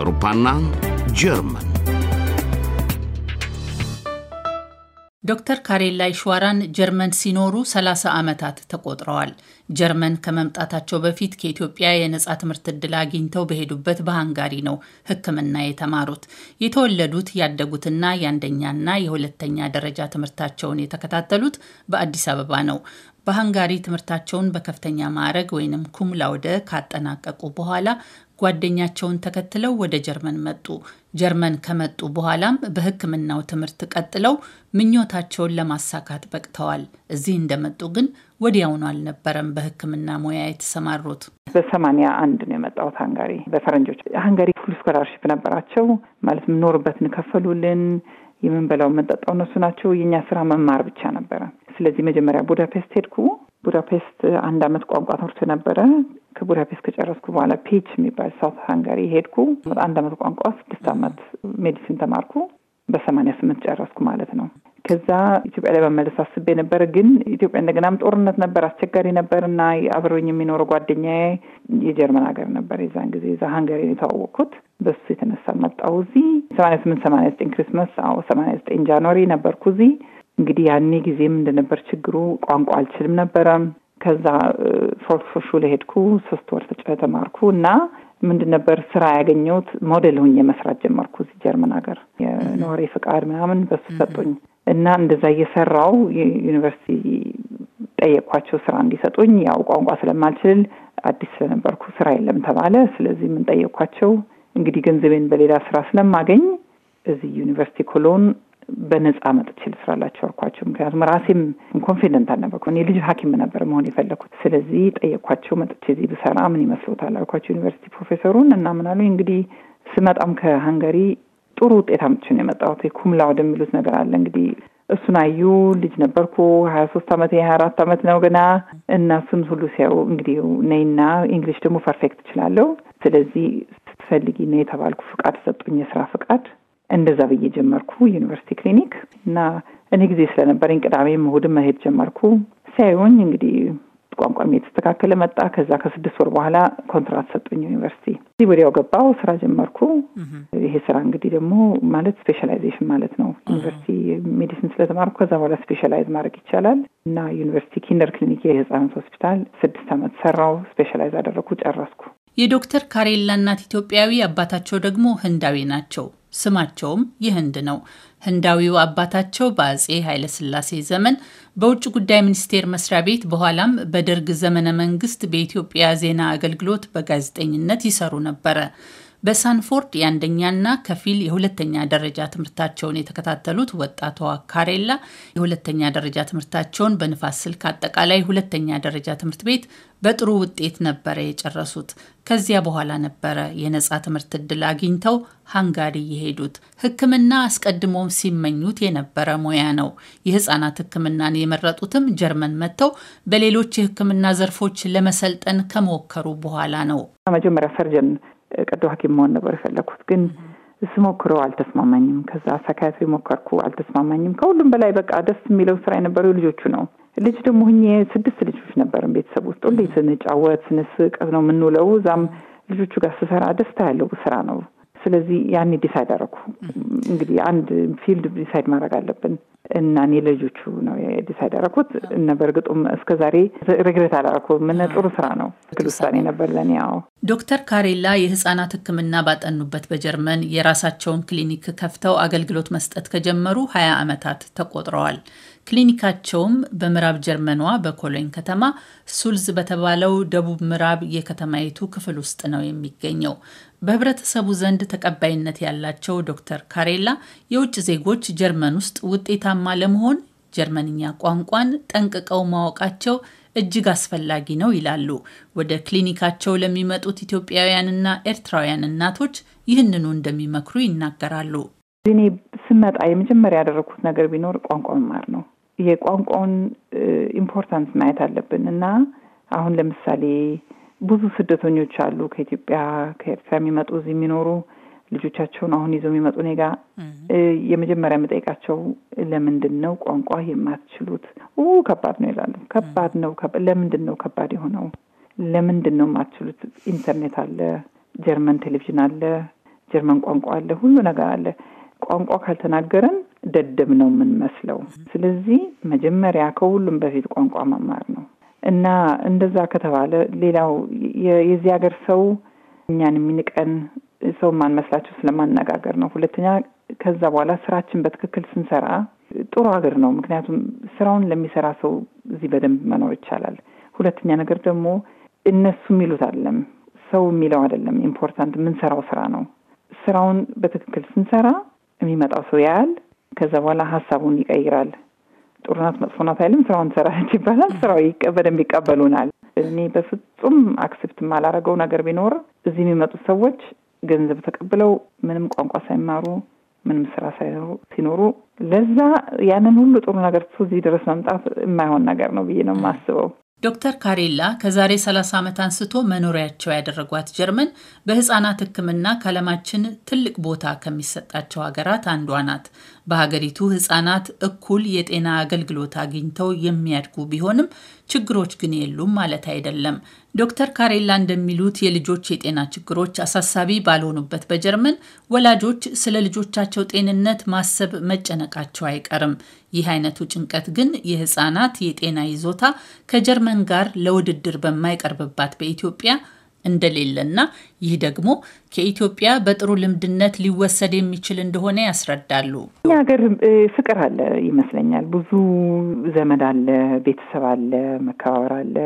አውሮፓና ጀርመን ዶክተር ካሬላይ ሸዋራን ጀርመን ሲኖሩ 30 ዓመታት ተቆጥረዋል። ጀርመን ከመምጣታቸው በፊት ከኢትዮጵያ የነጻ ትምህርት ዕድል አግኝተው በሄዱበት በሃንጋሪ ነው ሕክምና የተማሩት። የተወለዱት ያደጉትና የአንደኛና የሁለተኛ ደረጃ ትምህርታቸውን የተከታተሉት በአዲስ አበባ ነው። በሃንጋሪ ትምህርታቸውን በከፍተኛ ማዕረግ ወይም ኩም ላውደ ካጠናቀቁ በኋላ ጓደኛቸውን ተከትለው ወደ ጀርመን መጡ። ጀርመን ከመጡ በኋላም በሕክምናው ትምህርት ቀጥለው ምኞታቸውን ለማሳካት በቅተዋል። እዚህ እንደመጡ ግን ወዲያውኑ አልነበረም በሕክምና ሙያ የተሰማሩት። በሰማንያ አንድ ነው የመጣሁት ሃንጋሪ በፈረንጆች። ሃንጋሪ ፉል ስኮላርሽፕ ነበራቸው ማለት የምኖርበትን ከፈሉልን የምንበላው የምንጠጣው እነሱ ናቸው። የእኛ ስራ መማር ብቻ ነበረ። ስለዚህ መጀመሪያ ቡዳፔስት ሄድኩ። ቡዳፔስት አንድ አመት ቋንቋ ትምህርት ነበረ። ከቡዳፔስት ከጨረስኩ በኋላ ፔች የሚባል ሳውት ሃንጋሪ ሄድኩ። አንድ አመት ቋንቋ፣ ስድስት አመት ሜዲሲን ተማርኩ። በሰማንያ ስምንት ጨረስኩ ማለት ነው። ከዛ ኢትዮጵያ ላይ በመለስ አስቤ ነበር፣ ግን ኢትዮጵያ እንደገናም ጦርነት ነበር፣ አስቸጋሪ ነበር እና አብሮኝ የሚኖረው ጓደኛዬ የጀርመን ሀገር ነበር የዛን ጊዜ እዛ ሀንገሪ የተዋወቅኩት። በሱ የተነሳ መጣሁ እዚህ ሰማንያ ስምንት ሰማንያ ዘጠኝ ክሪስመስ፣ አዎ ሰማንያ ዘጠኝ ጃንዋሪ ነበርኩ እዚህ። እንግዲህ ያኔ ጊዜም እንደነበር ችግሩ ቋንቋ አልችልም ነበረ። ከዛ ፎሹ ለሄድኩ ሶስት ወር ተጨ ተማርኩ እና ምንድን ነበር ስራ ያገኘሁት ሞዴል ሁኜ መስራት ጀመርኩ እዚህ ጀርመን ሀገር የነዋሪ ፍቃድ ምናምን በሱ ሰጡኝ እና እንደዛ እየሰራው ዩኒቨርሲቲ ጠየኳቸው ስራ እንዲሰጡኝ። ያው ቋንቋ ስለማልችል አዲስ ስለነበርኩ ስራ የለም ተባለ። ስለዚህ ምን ጠየኳቸው እንግዲህ ገንዘቤን በሌላ ስራ ስለማገኝ እዚህ ዩኒቨርሲቲ ኮሎን በነጻ መጥቼ ልስራላቸው አልኳቸው። ምክንያቱም ራሴም ኮንፊደንት አልነበርኩ። እኔ ልጅ ሐኪም ነበር መሆን የፈለግኩት። ስለዚህ ጠየኳቸው መጥቼ እዚህ ብሰራ ምን ይመስሎታል አልኳቸው ዩኒቨርሲቲ ፕሮፌሰሩን እና ምን እንግዲህ ስመጣም ከሀንገሪ ጥሩ ውጤት አምጥቼ ነው የመጣሁት። ኩምላውድ የሚሉት ነገር አለ እንግዲህ እሱን አዩ። ልጅ ነበርኩ ሀያ ሶስት አመት የሀያ አራት አመት ነው ገና እና እሱን ሁሉ ሲያዩ እንግዲህ ነይና እንግሊሽ ደግሞ ፐርፌክት እችላለሁ፣ ስለዚህ ስትፈልጊ ነው የተባልኩ። ፍቃድ ሰጡኝ፣ የስራ ፍቃድ። እንደዛ ብዬ ጀመርኩ ዩኒቨርሲቲ ክሊኒክ እና እኔ ጊዜ ስለነበረኝ ቅዳሜም እሑድም መሄድ ጀመርኩ። ሲያዩኝ እንግዲህ ቋንቋም የተስተካከለ መጣ። ከዛ ከስድስት ወር በኋላ ኮንትራት ሰጡኝ ዩኒቨርሲቲ። እዚህ ወዲያው ገባው ስራ ጀመርኩ። ይሄ ስራ እንግዲህ ደግሞ ማለት ስፔሻላይዜሽን ማለት ነው። ዩኒቨርሲቲ ሜዲሲን ስለተማርኩ ከዛ በኋላ ስፔሻላይዝ ማድረግ ይቻላል እና ዩኒቨርሲቲ ኪንደር ክሊኒክ የህፃናት ሆስፒታል ስድስት ዓመት ሰራው። ስፔሻላይዝ አደረግኩ፣ ጨረስኩ። የዶክተር ካሬላ እናት ኢትዮጵያዊ፣ አባታቸው ደግሞ ህንዳዊ ናቸው። ስማቸውም የህንድ ነው። ህንዳዊው አባታቸው በአጼ ኃይለስላሴ ዘመን በውጭ ጉዳይ ሚኒስቴር መስሪያ ቤት በኋላም በደርግ ዘመነ መንግስት በኢትዮጵያ ዜና አገልግሎት በጋዜጠኝነት ይሰሩ ነበረ። በሳንፎርድ የአንደኛና ከፊል የሁለተኛ ደረጃ ትምህርታቸውን የተከታተሉት ወጣቷ ካሬላ የሁለተኛ ደረጃ ትምህርታቸውን በንፋስ ስልክ አጠቃላይ ሁለተኛ ደረጃ ትምህርት ቤት በጥሩ ውጤት ነበረ የጨረሱት። ከዚያ በኋላ ነበረ የነጻ ትምህርት እድል አግኝተው ሃንጋሪ የሄዱት። ሕክምና አስቀድሞም ሲመኙት የነበረ ሙያ ነው። የህፃናት ሕክምናን የመረጡትም ጀርመን መጥተው በሌሎች የሕክምና ዘርፎች ለመሰልጠን ከሞከሩ በኋላ ነው። መጀመሪያ ሰርጀን ቀዶ ሐኪም መሆን ነበር የፈለግኩት ግን እሱ ሞክሮ አልተስማማኝም። ከዛ ሳይካትሪ ሞከርኩ፣ አልተስማማኝም። ከሁሉም በላይ በቃ ደስ የሚለው ስራ የነበረው ልጆቹ ነው። ልጅ ደግሞ ሁኜ ስድስት ልጆች ነበር ቤተሰብ ውስጥ ሁሌ ስንጫወት ስንስቅ ነው የምንውለው። እዛም ልጆቹ ጋር ስሰራ ደስታ ያለው ስራ ነው። ስለዚህ ያን ዲሳይድ አደረኩ። እንግዲህ አንድ ፊልድ ዲሳይድ ማድረግ አለብን እና እኔ ለልጆቹ ነው ዲሳይድ አደረኩት እና በእርግጡም እስከ ዛሬ ሬግሬት አላረኩ ምነ ጥሩ ስራ ነው። ግል ውሳኔ ነበር ለኔ ያው ዶክተር ካሬላ የህፃናት ህክምና ባጠኑበት በጀርመን የራሳቸውን ክሊኒክ ከፍተው አገልግሎት መስጠት ከጀመሩ 20 ዓመታት ተቆጥረዋል። ክሊኒካቸውም በምዕራብ ጀርመኗ በኮሎኝ ከተማ ሱልዝ በተባለው ደቡብ ምዕራብ የከተማይቱ ክፍል ውስጥ ነው የሚገኘው። በህብረተሰቡ ዘንድ ተቀባይነት ያላቸው ዶክተር ካሬላ የውጭ ዜጎች ጀርመን ውስጥ ውጤታማ ለመሆን ጀርመንኛ ቋንቋን ጠንቅቀው ማወቃቸው እጅግ አስፈላጊ ነው ይላሉ። ወደ ክሊኒካቸው ለሚመጡት ኢትዮጵያውያንና ኤርትራውያን እናቶች ይህንኑ እንደሚመክሩ ይናገራሉ። እኔ ስመጣ የመጀመሪያ ያደረግኩት ነገር ቢኖር ቋንቋ መማር ነው። የቋንቋውን ኢምፖርታንስ ማየት አለብን እና አሁን ለምሳሌ ብዙ ስደተኞች አሉ ከኢትዮጵያ ከኤርትራ የሚመጡ እዚህ የሚኖሩ ልጆቻቸውን አሁን ይዘው የሚመጡ እኔ ጋ የመጀመሪያ የምጠይቃቸው ለምንድን ነው ቋንቋ የማትችሉት? ከባድ ነው ይላሉ። ከባድ ነው። ለምንድን ነው ከባድ የሆነው? ለምንድን ነው የማትችሉት? ኢንተርኔት አለ፣ ጀርመን ቴሌቪዥን አለ፣ ጀርመን ቋንቋ አለ፣ ሁሉ ነገር አለ። ቋንቋ ካልተናገረን ደደብ ነው የምንመስለው። ስለዚህ መጀመሪያ ከሁሉም በፊት ቋንቋ መማር ነው እና እንደዛ ከተባለ ሌላው የዚህ ሀገር ሰው እኛን የሚንቀን ሰው ማንመስላቸው ስለማነጋገር ነው። ሁለተኛ ከዛ በኋላ ስራችን በትክክል ስንሰራ ጥሩ ሀገር ነው። ምክንያቱም ስራውን ለሚሰራ ሰው እዚህ በደንብ መኖር ይቻላል። ሁለተኛ ነገር ደግሞ እነሱ የሚሉት አይደለም ሰው የሚለው አይደለም ኢምፖርታንት፣ የምንሰራው ስራ ነው። ስራውን በትክክል ስንሰራ የሚመጣው ሰው ያያል። ከዛ በኋላ ሀሳቡን ይቀይራል። ጥሩናት መጥፎናት አይልም። ስራውን ሰራ ይባላል። ስራው በደንብ ይቀበሉናል። እኔ በፍጹም አክሴፕት የማላደርገው ነገር ቢኖር እዚህ የሚመጡት ሰዎች ገንዘብ ተቀብለው ምንም ቋንቋ ሳይማሩ ምንም ስራ ሳይሩ ሲኖሩ ለዛ ያንን ሁሉ ጥሩ ነገር እዚህ ድረስ መምጣት የማይሆን ነገር ነው ብዬ ነው የማስበው። ዶክተር ካሬላ ከዛሬ 30 ዓመት አንስቶ መኖሪያቸው ያደረጓት ጀርመን በህፃናት ሕክምና ከዓለማችን ትልቅ ቦታ ከሚሰጣቸው ሀገራት አንዷ ናት። በሀገሪቱ ህጻናት እኩል የጤና አገልግሎት አግኝተው የሚያድጉ ቢሆንም ችግሮች ግን የሉም ማለት አይደለም። ዶክተር ካሬላ እንደሚሉት የልጆች የጤና ችግሮች አሳሳቢ ባልሆኑበት በጀርመን ወላጆች ስለ ልጆቻቸው ጤንነት ማሰብ መጨነቃቸው አይቀርም። ይህ አይነቱ ጭንቀት ግን የህጻናት የጤና ይዞታ ከጀርመን ጋር ለውድድር በማይቀርብባት በኢትዮጵያ እንደሌለና ይህ ደግሞ ከኢትዮጵያ በጥሩ ልምድነት ሊወሰድ የሚችል እንደሆነ ያስረዳሉ። እኛ ሀገር ፍቅር አለ ይመስለኛል። ብዙ ዘመድ አለ፣ ቤተሰብ አለ፣ መከባበር አለ።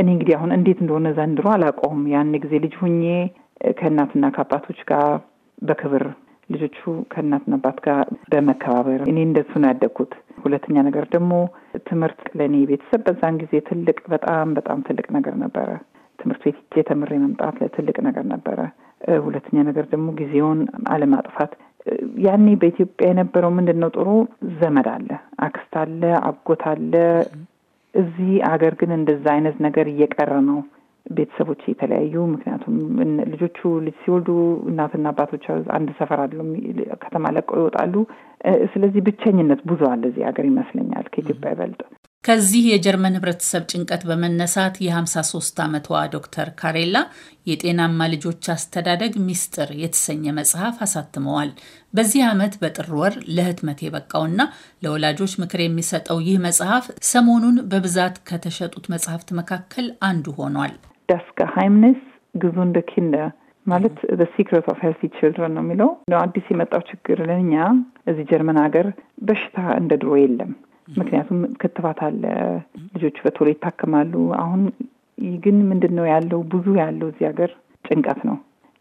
እኔ እንግዲህ አሁን እንዴት እንደሆነ ዘንድሮ አላውቀውም። ያን ጊዜ ልጅ ሁኜ ከእናትና ከአባቶች ጋር በክብር ልጆቹ ከእናትና አባት ጋር በመከባበር እኔ እንደሱ ነው ያደግኩት። ሁለተኛ ነገር ደግሞ ትምህርት ለእኔ ቤተሰብ በዛን ጊዜ ትልቅ በጣም በጣም ትልቅ ነገር ነበረ። ትምህርት ቤት ሄጄ ተምሬ መምጣት ትልቅ ነገር ነበረ። ሁለተኛ ነገር ደግሞ ጊዜውን አለማጥፋት። ያኔ በኢትዮጵያ የነበረው ምንድን ነው ጥሩ ዘመድ አለ፣ አክስት አለ፣ አጎት አለ። እዚህ አገር ግን እንደዛ አይነት ነገር እየቀረ ነው። ቤተሰቦች የተለያዩ ምክንያቱም ልጆቹ ልጅ ሲወልዱ እናትና አባቶች አንድ ሰፈር አለው ከተማ ለቀው ይወጣሉ። ስለዚህ ብቸኝነት ብዙ አለ እዚህ ሀገር ይመስለኛል ከኢትዮጵያ ይበልጥ። ከዚህ የጀርመን ህብረተሰብ ጭንቀት በመነሳት የ53 ዓመቷ ዶክተር ካሬላ የጤናማ ልጆች አስተዳደግ ሚስጥር የተሰኘ መጽሐፍ አሳትመዋል። በዚህ ዓመት በጥር ወር ለህትመት የበቃውና ለወላጆች ምክር የሚሰጠው ይህ መጽሐፍ ሰሞኑን በብዛት ከተሸጡት መጽሐፍት መካከል አንዱ ሆኗል። ዳስ ግዙንደ ኪንደር ማለት ሲክሬት ኦፍ ሄልቲ ችልድረን ነው የሚለው። አዲስ የመጣው ችግር ለኛ እዚህ ጀርመን ሀገር በሽታ እንደ ድሮ የለም ምክንያቱም ክትባት አለ፣ ልጆቹ በቶሎ ይታከማሉ። አሁን ግን ምንድን ነው ያለው ብዙ ያለው እዚህ ሀገር ጭንቀት ነው።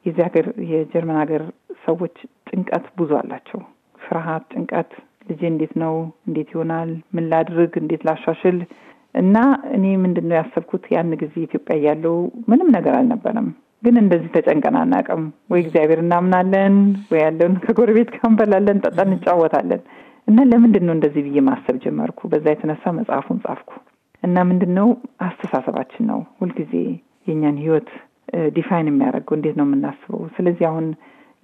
የዚህ ሀገር የጀርመን ሀገር ሰዎች ጭንቀት ብዙ አላቸው። ፍርሃት፣ ጭንቀት፣ ልጄ እንዴት ነው እንዴት ይሆናል፣ ምን ላድርግ፣ እንዴት ላሻሽል እና እኔ ምንድን ነው ያሰብኩት ያን ጊዜ ኢትዮጵያ እያለው ምንም ነገር አልነበረም ግን እንደዚህ ተጨንቀን አናውቅም። ወይ እግዚአብሔር እናምናለን፣ ወይ ያለውን ከጎረቤት ጋር እንበላለን፣ ጠጣ፣ እንጫወታለን። እና ለምንድን ነው እንደዚህ ብዬ ማሰብ ጀመርኩ። በዛ የተነሳ መጽሐፉን ጻፍኩ እና ምንድን ነው አስተሳሰባችን ነው ሁልጊዜ የእኛን ህይወት ዲፋይን የሚያደርገው እንዴት ነው የምናስበው። ስለዚህ አሁን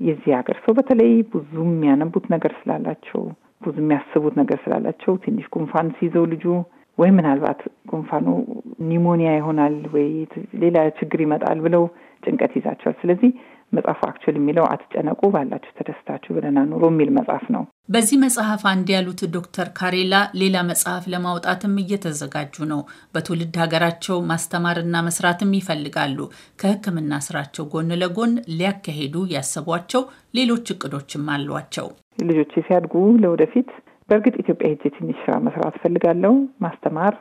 የዚህ ሀገር ሰው በተለይ ብዙ የሚያነቡት ነገር ስላላቸው ብዙ የሚያስቡት ነገር ስላላቸው ትንሽ ጉንፋን ሲይዘው ልጁ ወይ ምናልባት ጉንፋኑ ኒሞኒያ ይሆናል ወይ ሌላ ችግር ይመጣል ብለው ጭንቀት ይዛቸዋል። ስለዚህ መጽሐፉ አክቹዋሊ የሚለው አትጨነቁ፣ ባላችሁ ተደስታችሁ ብለና ኑሮ የሚል መጽሐፍ ነው። በዚህ መጽሐፍ አንድ ያሉት ዶክተር ካሬላ ሌላ መጽሐፍ ለማውጣትም እየተዘጋጁ ነው። በትውልድ ሀገራቸው ማስተማርና መስራትም ይፈልጋሉ። ከሕክምና ስራቸው ጎን ለጎን ሊያካሄዱ ያሰቧቸው ሌሎች እቅዶችም አሏቸው። ልጆቼ ሲያድጉ ለወደፊት በእርግጥ ኢትዮጵያ ሄጄ ትንሽ ስራ መስራት ፈልጋለሁ። ማስተማር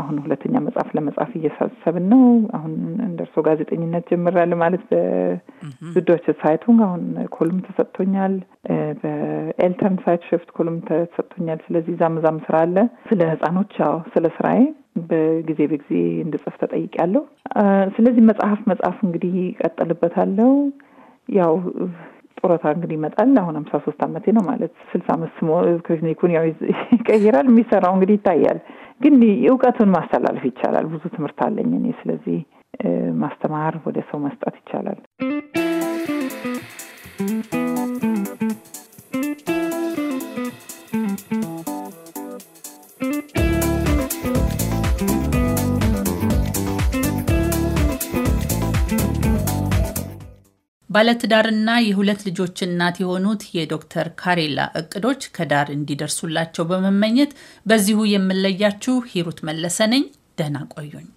አሁን ሁለተኛ መጽሐፍ ለመጻፍ እየሳሰብን ነው። አሁን እንደርሶ ጋዜጠኝነት ጀምራል ማለት በዙዶች ሳይቱን አሁን ኮሉም ተሰጥቶኛል። በኤልተን ሳይት ሽፍት ኮሉም ተሰጥቶኛል። ስለዚህ ዛም ዛም ስራ አለ። ስለ ህጻኖች ያው ስለ ስራዬ በጊዜ በጊዜ እንድጽፍ ተጠይቄያለሁ። ስለዚህ መጽሐፍ መጽሐፍ እንግዲህ እቀጥልበታለሁ ያው ጡረታ እንግዲህ ይመጣል። አሁን ሀምሳ ሶስት አመቴ ነው ማለት ስልሳ አምስት ክሊኒኩን ያው ይቀይራል። የሚሰራው እንግዲህ ይታያል። ግን እውቀቱን ማስተላለፍ ይቻላል። ብዙ ትምህርት አለኝ እኔ። ስለዚህ ማስተማር፣ ወደ ሰው መስጠት ይቻላል። ባለትዳርና የሁለት ልጆች እናት የሆኑት የዶክተር ካሬላ እቅዶች ከዳር እንዲደርሱላቸው በመመኘት በዚሁ የምለያችሁ ሂሩት መለሰ ነኝ። ደህና ቆዩኝ።